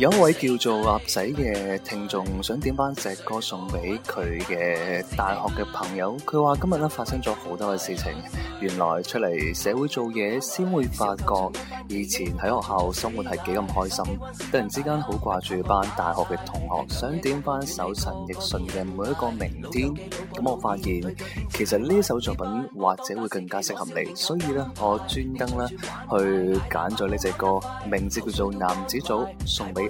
有一位叫做鴨仔嘅聽眾想點翻隻歌送俾佢嘅大學嘅朋友，佢話今日咧發生咗好多嘅事情，原來出嚟社會做嘢先會發覺以前喺學校生活係幾咁開心，突然之間好掛住班大學嘅同學，想點翻首陳奕迅嘅每一個明天，咁我發現其實呢一首作品或者會更加適合你，所以咧我專登咧去揀咗呢隻歌，名字叫做《男子組》，送俾。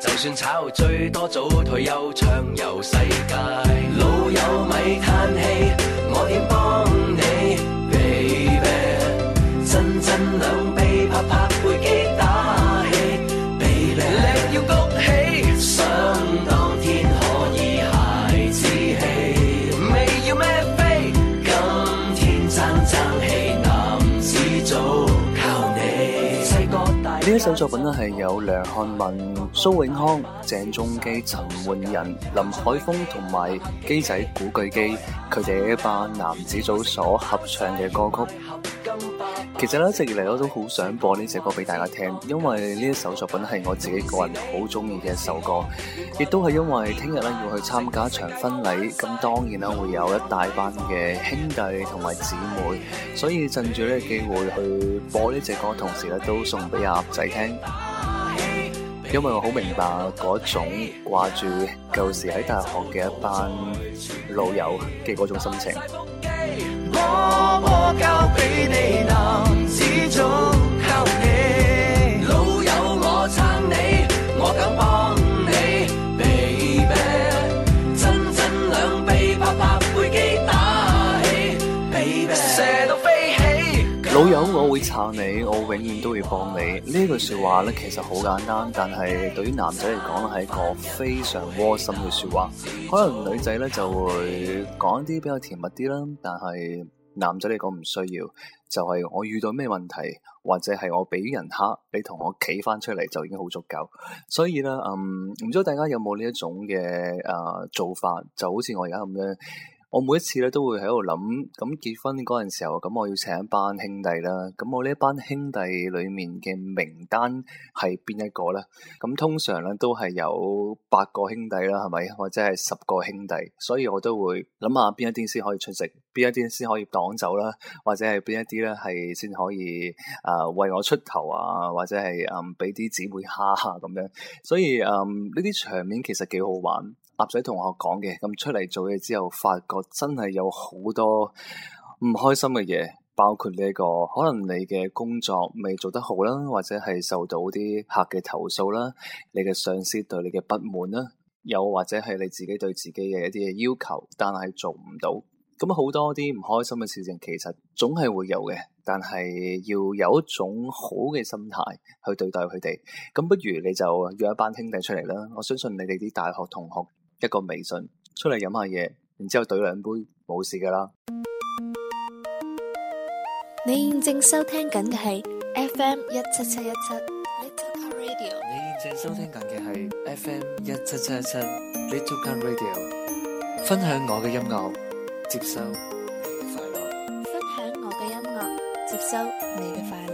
就算炒最多，早退休，暢遊世界。老友咪嘆氣，我點幫你，Baby？真真兩。呢首作品咧係有梁漢文、蘇永康、鄭中基、陳煥仁、林海峰同埋機仔古巨基佢哋一班男子組所合唱嘅歌曲。其實咧，一直嚟，我都好想播呢隻歌俾大家聽，因為呢一首作品係我自己個人好中意嘅一首歌，亦都係因為聽日咧要去參加一場婚禮，咁當然啦，會有一大班嘅兄弟同埋姊妹，所以趁住呢個機會去播呢隻歌，同時咧都送俾阿仔聽，因為我好明白嗰種掛住舊時喺大學嘅一班老友嘅嗰種心情。我我交俾你。咁我會撐你，我永遠都會幫你。呢句說話咧，其實好簡單，但係對於男仔嚟講咧，係一個非常窩心嘅說話。可能女仔咧就會講一啲比較甜蜜啲啦，但係男仔嚟講唔需要。就係我遇到咩問題，或者係我俾人蝦，你同我企翻出嚟就已經好足夠。所以咧，嗯，唔知大家有冇呢一種嘅誒做法，就好似我而家咁樣。我每一次咧都會喺度諗，咁結婚嗰陣時候，咁我要請一班兄弟啦，咁我呢一班兄弟裏面嘅名單係邊一個咧？咁通常咧都係有八個兄弟啦，係咪？或者係十個兄弟，所以我都會諗下邊一啲先可以出席，邊一啲先可以擋走啦，或者係邊一啲咧係先可以誒、呃、為我出頭啊，或者係誒俾啲姊妹蝦下咁樣，所以誒呢啲場面其實幾好玩。鴨仔同學講嘅，咁出嚟做嘢之後，發覺真係有好多唔開心嘅嘢，包括呢個可能你嘅工作未做得好啦，或者係受到啲客嘅投訴啦，你嘅上司對你嘅不滿啦，又或者係你自己對自己嘅一啲嘅要求，但係做唔到，咁好多啲唔開心嘅事情，其實總係會有嘅，但係要有一種好嘅心態去對待佢哋。咁不如你就約一班兄弟出嚟啦，我相信你哋啲大學同學。一個微信出嚟飲下嘢，然之後懟兩杯，冇事噶啦。你現正收聽緊嘅係 FM 一七七一七，Little Radio。你現正收聽緊嘅係 FM 一七七一七，Little Radio。分享我嘅音樂，接收你嘅快樂。分享我嘅音樂，接收你嘅快樂。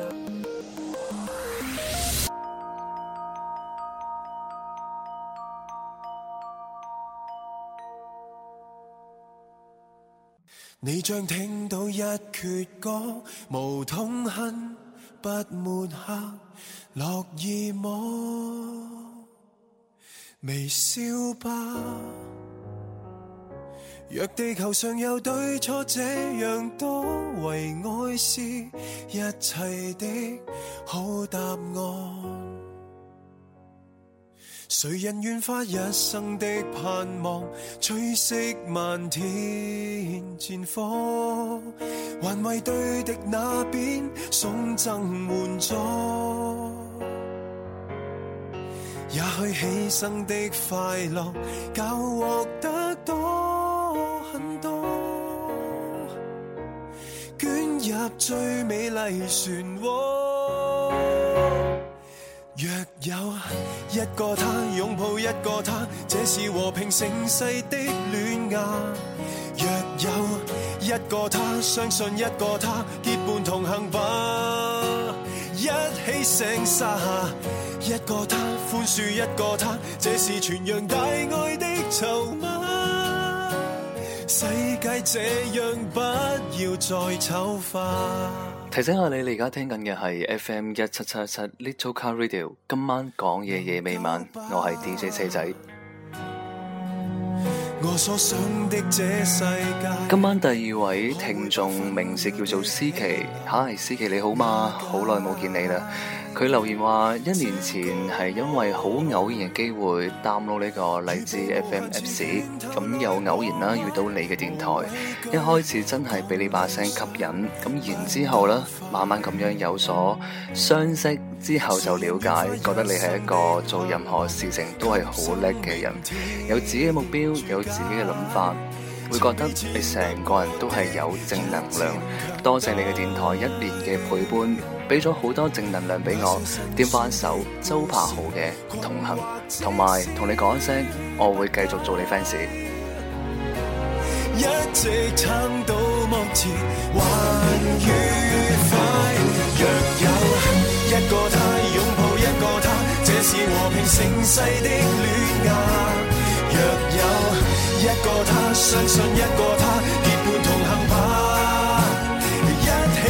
你將聽到一闋歌，無痛恨，不抹黑，樂意麼？微笑吧。若地球上有對錯這樣多，唯愛是一切的好答案。誰人願花一生的盼望，吹熄漫天戰火，還為對敵那邊送贈援助？也許犧牲的快樂，較獲得多很多，捲入最美麗漩渦。若有一個他擁抱一個他，這是和平盛世的戀愛。若有一個他相信一個他結伴同行吧，一起成沙。下。一個他寬恕一個他，這是傳揚大愛的籌碼。世界這樣不要再醜化。提醒下你，你而家聽緊嘅係 FM 1777 Little Car Radio。今晚講嘢，夜未晚，我係 DJ 車仔。今晚第二位聽眾名字叫做思琪，嗨，思琪你好嗎？好耐冇見你啦。佢留言話：一年前係因為好偶然嘅機會 download 呢個荔枝 FM Apps，咁又偶然啦遇到你嘅電台，一開始真係俾你把聲吸引，咁然之後咧慢慢咁樣有所相識，之後就了解，覺得你係一個做任何事情都係好叻嘅人，有自己嘅目標，有自己嘅諗法，會覺得你成個人都係有正能量。多謝你嘅電台一年嘅陪伴。俾咗好多正能量俾我，點返首周柏豪嘅《同行》，同埋同你講聲，我會繼續做你 fans。若有一個他，相信一個他。 .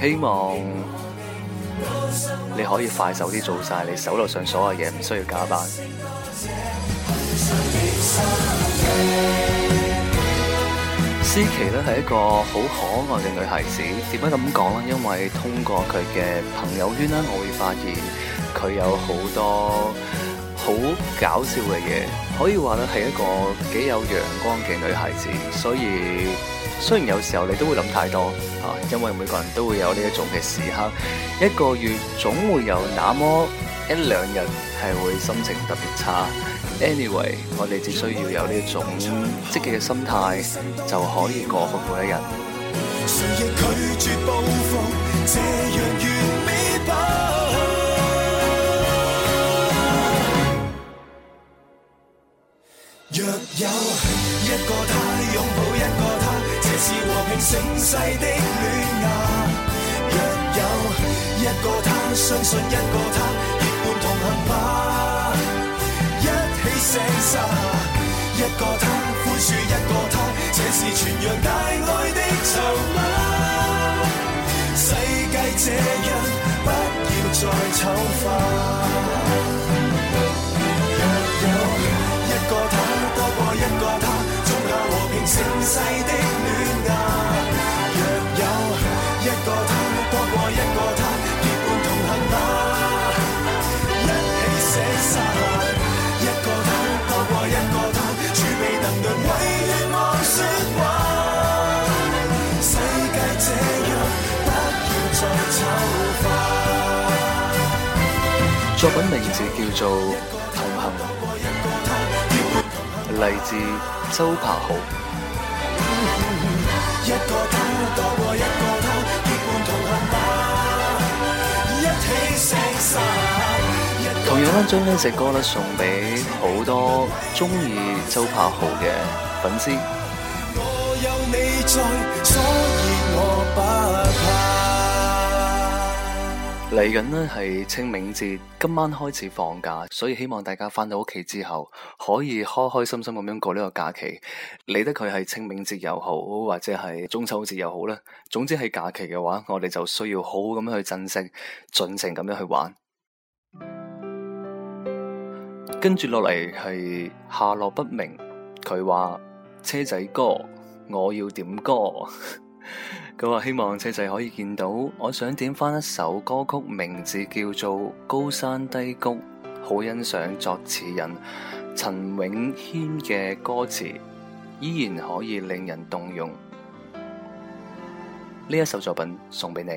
希望你可以快手啲做晒，你手頭上所有嘢，唔需要加班。思琪咧係一個好可愛嘅女孩子，點解咁講咧？因為通過佢嘅朋友圈咧，我會發現佢有好多好搞笑嘅嘢，可以話咧係一個幾有陽光嘅女孩子，所以。雖然有時候你都會諗太多，嚇、啊，因為每個人都會有呢一種嘅時刻，一個月總會有那麼一兩日係會心情特別差。Anyway，我哋只需要有呢一種積極嘅心態，就可以過好每一日。盛世的戀愛，若有一個他，相信，信一個他，結伴同行吧，一起寫沙。一個他寬恕一個他，這是傳揚大愛的籌碼。世界這樣，不要再醜化。若有一個他，多過一個他，終可和平盛世的。作品名字叫做《同行》，嚟自周柏豪。 同樣咧，將呢隻歌咧送俾好多中意周柏豪嘅粉絲。嚟緊呢係清明節，今晚開始放假，所以希望大家翻到屋企之後可以開開心心咁樣過呢個假期。理得佢係清明節又好，或者係中秋節又好啦。總之係假期嘅話，我哋就需要好好咁樣去珍惜，盡情咁樣去玩。跟住落嚟係下落不明，佢話車仔哥，我要點歌。佢話希望仔仔可以見到，我想點返一首歌曲，名字叫做《高山低谷》，好欣賞作詞人陳詠謙嘅歌詞，依然可以令人動容。呢一首作品送俾你，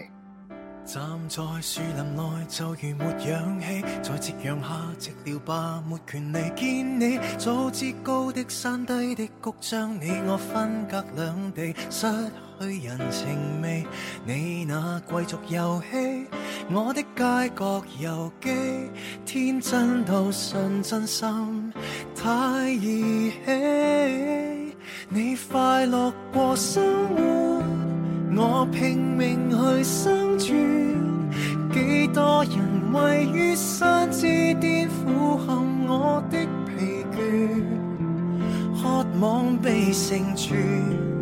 站在樹林內就如沒氧氣，在夕陽下寂寥吧，沒權利見你。早知高的山低的谷，將你我分隔兩地，失去人情味，你那貴族遊戲，我的街角遊記，天真到信真心，太兒戲。你快樂過生活，我拼命去生存。幾多人位於山之巔，俯瞰我的疲倦，渴望被成全。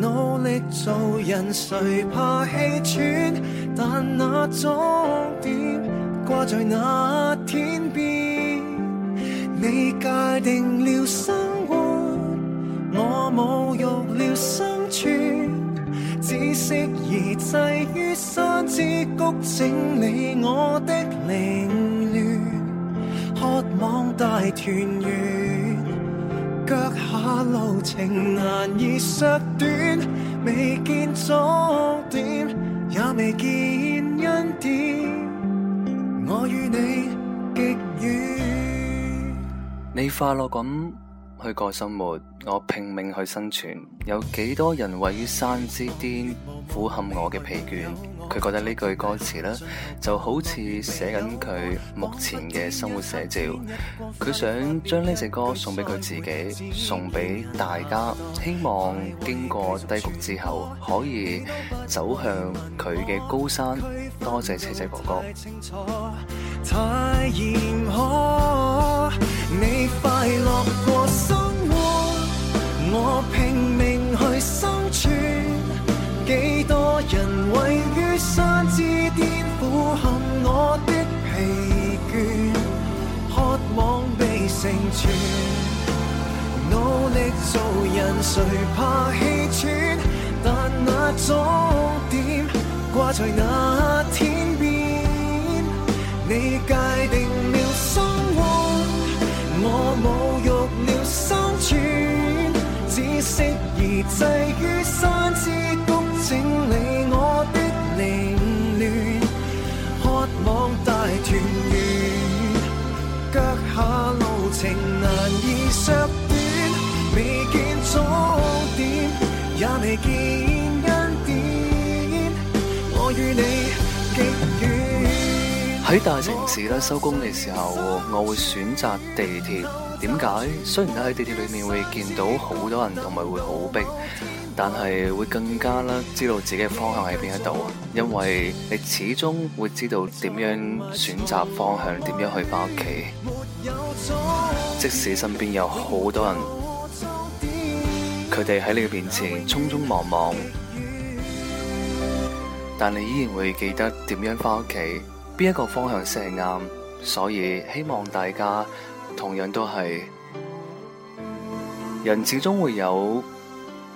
努力做人，誰怕氣喘？但那終點掛在那天邊。你界定了生活，我侮辱了生存。只適宜滯於山之谷，整理我的凌亂，渴望大團圓。腳下路程難以削短，未見終點，也未見恩典，我與你極遠，你快樂咁。去過生活，我拼命去生存，有幾多人位於山之巔俯瞰我嘅疲倦？佢覺得呢句歌詞呢，就好似寫緊佢目前嘅生活寫照。佢想將呢隻歌送俾佢自己，送俾大家，希望經過低谷之後，可以走向佢嘅高山。多謝車仔哥哥。我拼命去生存，幾多人位於山之巔俯瞰我的疲倦，渴望被成全。努力做人，誰怕氣喘？但那終點掛在那天邊，你界定。寄於山之谷，整理我的凌亂，渴望大團圓，腳下路程難以削短，未見終點，也未見恩典。我與你。喺大城市收工嘅時候，我會選擇地鐵。點解？雖然咧喺地鐵裏面會見到好多人，同埋會好逼，但係會更加知道自己嘅方向喺邊一度。因為你始終會知道點樣選擇方向，點樣去返屋企。即使身邊有好多人，佢哋喺你面前匆匆忙忙，但你依然會記得點樣返屋企。邊一個方向先係啱，所以希望大家同樣都係人，始終會有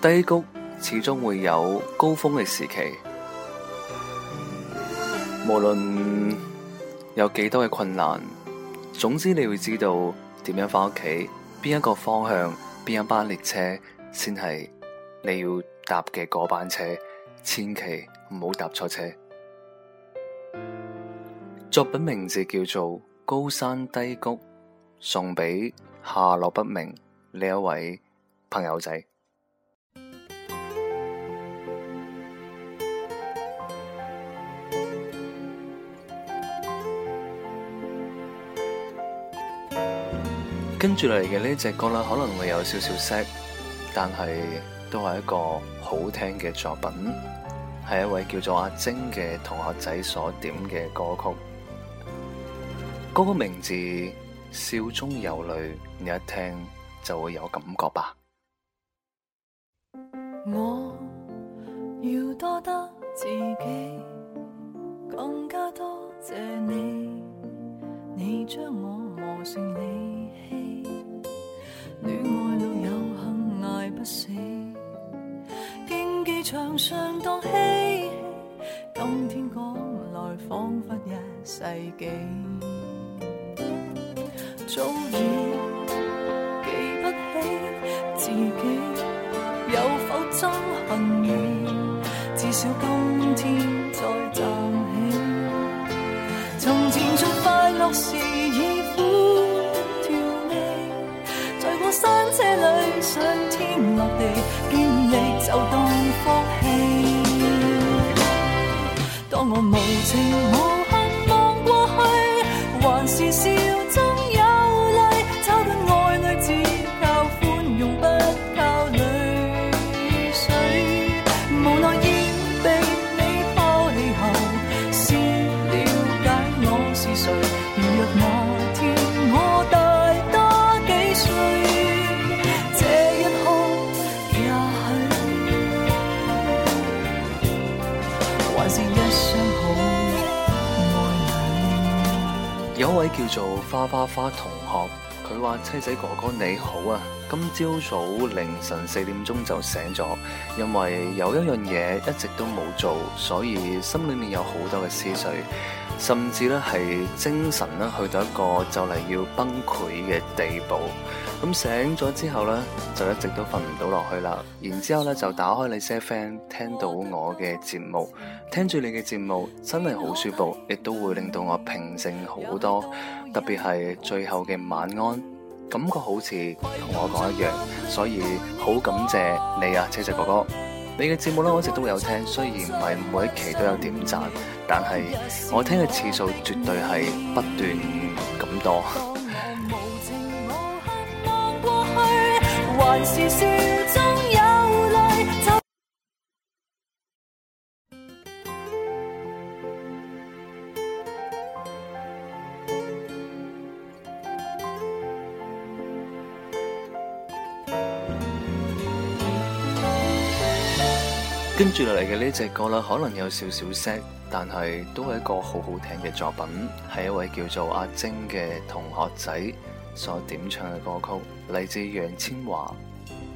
低谷，始終會有高峰嘅時期。無論有幾多嘅困難，總之你會知道點樣翻屋企，邊一個方向，邊一班列車先係你要搭嘅嗰班車，千祈唔好搭錯車。作品名字叫做《高山低谷》，送畀下落不明呢一位朋友仔。跟住落嚟嘅呢隻歌啦，可能會有少少色，但係都係一個好聽嘅作品，係一位叫做阿晶嘅同學仔所點嘅歌曲。嗰個名字，笑中有淚，你一聽就會有感覺吧。落時已苦調味，在過山車裡上天落地，勉力就當福氣。當我無情。有一位叫做花花花同學，佢話，妻子哥哥你好啊。今朝早凌晨四點鐘就醒咗，因為有一樣嘢一直都冇做，所以心裏面有好多嘅思緒，甚至咧係精神咧去到一個就嚟要崩潰嘅地步。咁、嗯、醒咗之後咧就一直都瞓唔到落去啦，然之後咧就打開你啲 friend 聽到我嘅節目，聽住你嘅節目真係好舒服，亦都會令到我平靜好多，特別係最後嘅晚安。感覺好似同我講一樣，所以好感謝你啊，車仔哥哥，你嘅節目咧我一直都會有聽，雖然唔係每一期都有點讚，但係我聽嘅次數絕對係不斷咁多。 跟住落嚟嘅呢隻歌啦，可能有少少聲，但係都係一個好好聽嘅作品，係一位叫做阿晶嘅同學仔所點唱嘅歌曲，嚟自楊千嬅《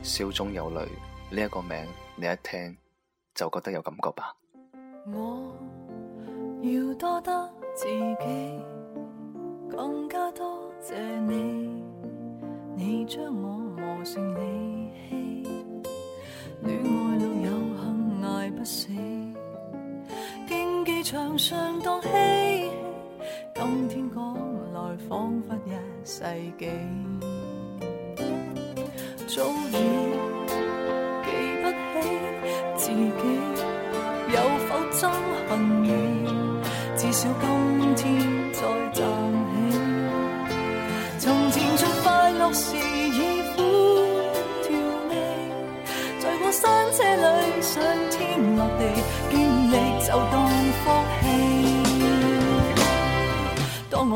笑中有淚》呢一、這個名，你一聽就覺得有感覺吧。我我要多多得自己，更加多謝你，你你將我磨成不死競技場上當嬉戲，今天講來仿佛一世紀。早 已。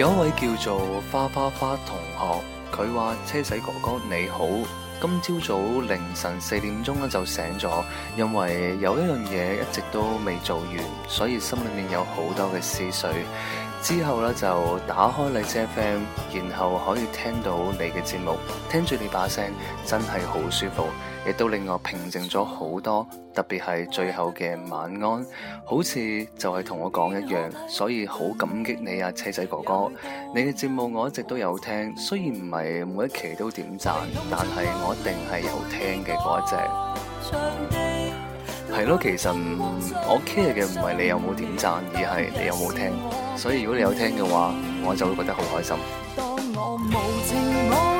有一位叫做花花花同學，佢話車仔哥哥你好，今朝早凌晨四點鐘咧就醒咗，因為有一樣嘢一直都未做完，所以心裏面有好多嘅思緒，之後咧就打開荔枝 FM，然後可以聽到你嘅節目，聽住你把聲，真係好舒服。亦都令我平靜咗好多，特別係最後嘅晚安，好似就係同我講一樣，所以好感激你啊，車仔哥哥，你嘅節目我一直都有聽，雖然唔係每一期都點贊，但係我一定係有聽嘅嗰一隻。係咯、嗯嗯，其實我 care 嘅唔係你有冇點贊，而係你有冇聽，所以如果你有聽嘅話，我就會覺得好開心。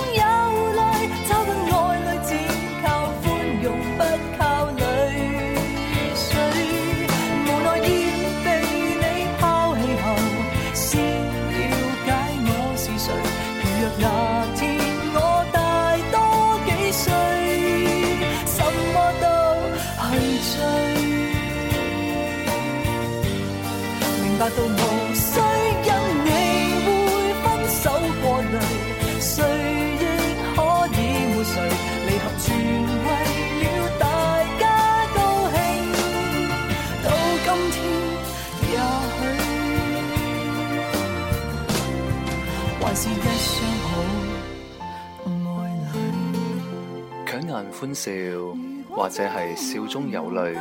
顏歡笑，或者係笑中有淚。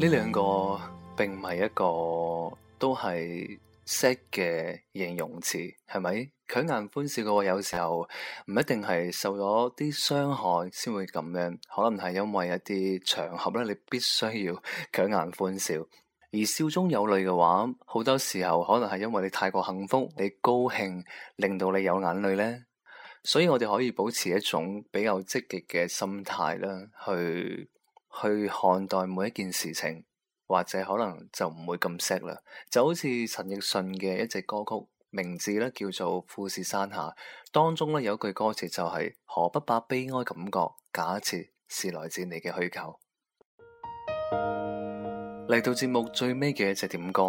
呢兩個並唔係一個都係 sad 嘅形容詞，係咪？強顏歡笑嘅話，有時候唔一定係受咗啲傷害先會咁樣，可能係因為一啲場合咧，你必須要強顏歡笑。而笑中有淚嘅話，好多時候可能係因為你太過幸福，你高興令到你有眼淚咧。所以我哋可以保持一種比較積極嘅心態啦，去去看待每一件事情，或者可能就唔會咁 sad 啦。就好似陳奕迅嘅一隻歌曲，名字咧叫做《富士山下》，當中咧有一句歌詞就係：何不把悲哀感覺假設是來自你嘅虛構？嚟到節目最尾嘅一隻點歌，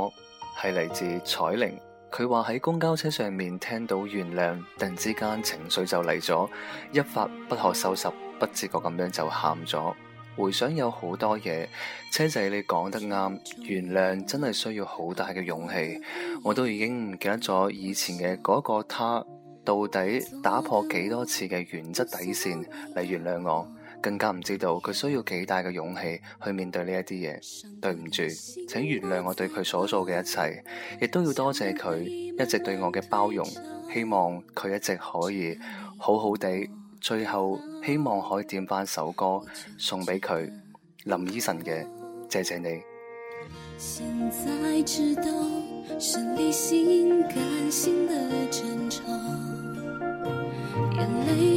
係嚟自彩玲。佢話喺公交車上面聽到原諒，突然之間情緒就嚟咗，一發不可收拾，不自覺咁樣就喊咗。回想有好多嘢，車仔你講得啱，原諒真係需要好大嘅勇氣。我都已經唔記得咗以前嘅嗰個他，到底打破幾多次嘅原則底線嚟原諒我？更加唔知道佢需要幾大嘅勇氣去面對呢一啲嘢。對唔住，請原諒我對佢所做嘅一切，亦都要多謝佢一直對我嘅包容，希望佢一直可以好好地，最後希望可以點翻首歌送俾佢，林醫生嘅謝謝你。現在知道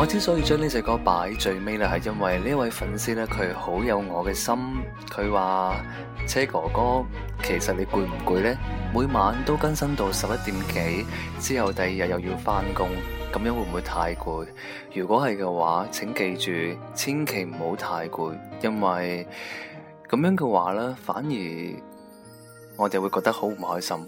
我之所以將呢隻歌擺最尾呢，係因為呢位粉絲呢，佢好有我嘅心。佢話，車哥哥，其實你攰唔攰呢？每晚都更新到十一點幾，之後第二日又要翻工，咁樣會唔會太攰？如果係嘅話，請記住，千祈唔好太攰，因為咁樣嘅話呢，反而我哋會覺得好唔開心。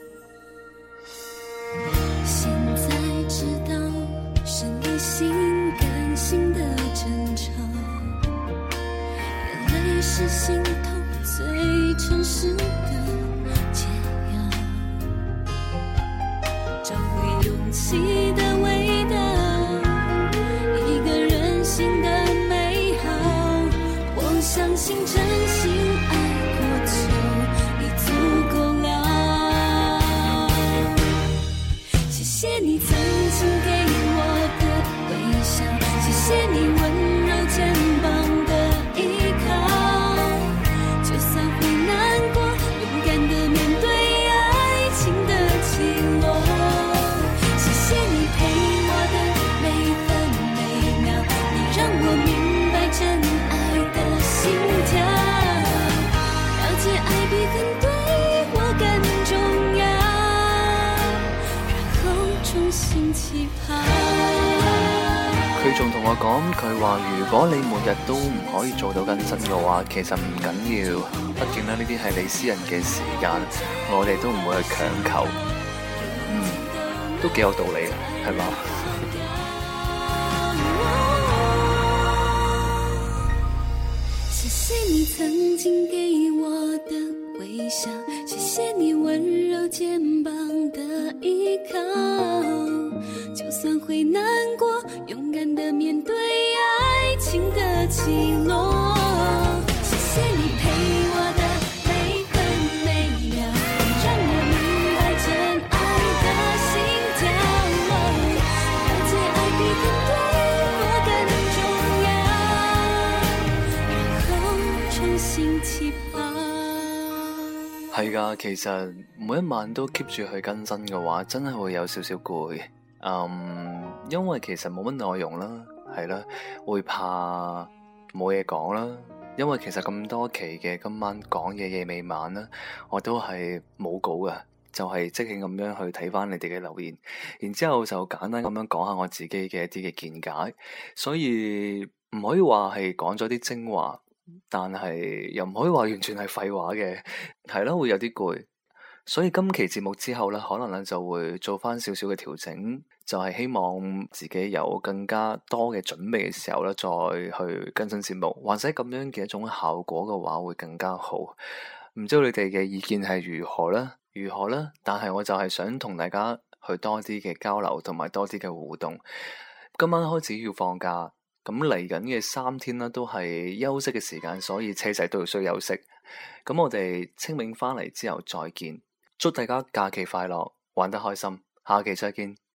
其實唔緊要，畢竟呢，呢啲係你私人嘅時間，我哋都唔會去強求。嗯，都幾有道理，係嘛？謝謝你曾經給我的微笑，謝謝你溫柔肩膀的依靠。就算會難過勇敢地面對愛情嘅起落。係噶，其實每一晚都 keep 住去更新嘅話，真係會有少少攰。嗯，因為其實冇乜內容啦，係啦，啊，會怕冇嘢講啦。因為其實咁多期嘅，今晚講嘢夜未晚啦，我都係冇稿噶，就係即興咁樣去睇翻你哋嘅留言，然之後就簡單咁樣講下我自己嘅一啲嘅見解，所以唔可以話係講咗啲精華，但係又唔可以話完全係廢話嘅，係咯，會有啲攰，所以今期節目之後咧，可能咧就會做翻少少嘅調整。就係希望自己有更加多嘅準備嘅時候咧，再去更新節目，或者咁樣嘅一種效果嘅話，會更加好。唔知道你哋嘅意見係如何咧？如何咧？但係我就係想同大家去多啲嘅交流，同埋多啲嘅互動。今晚開始要放假，咁嚟緊嘅三天啦，都係休息嘅時間，所以車仔都要需要休息。咁我哋清明翻嚟之後再見，祝大家假期快樂，玩得開心，下期再見。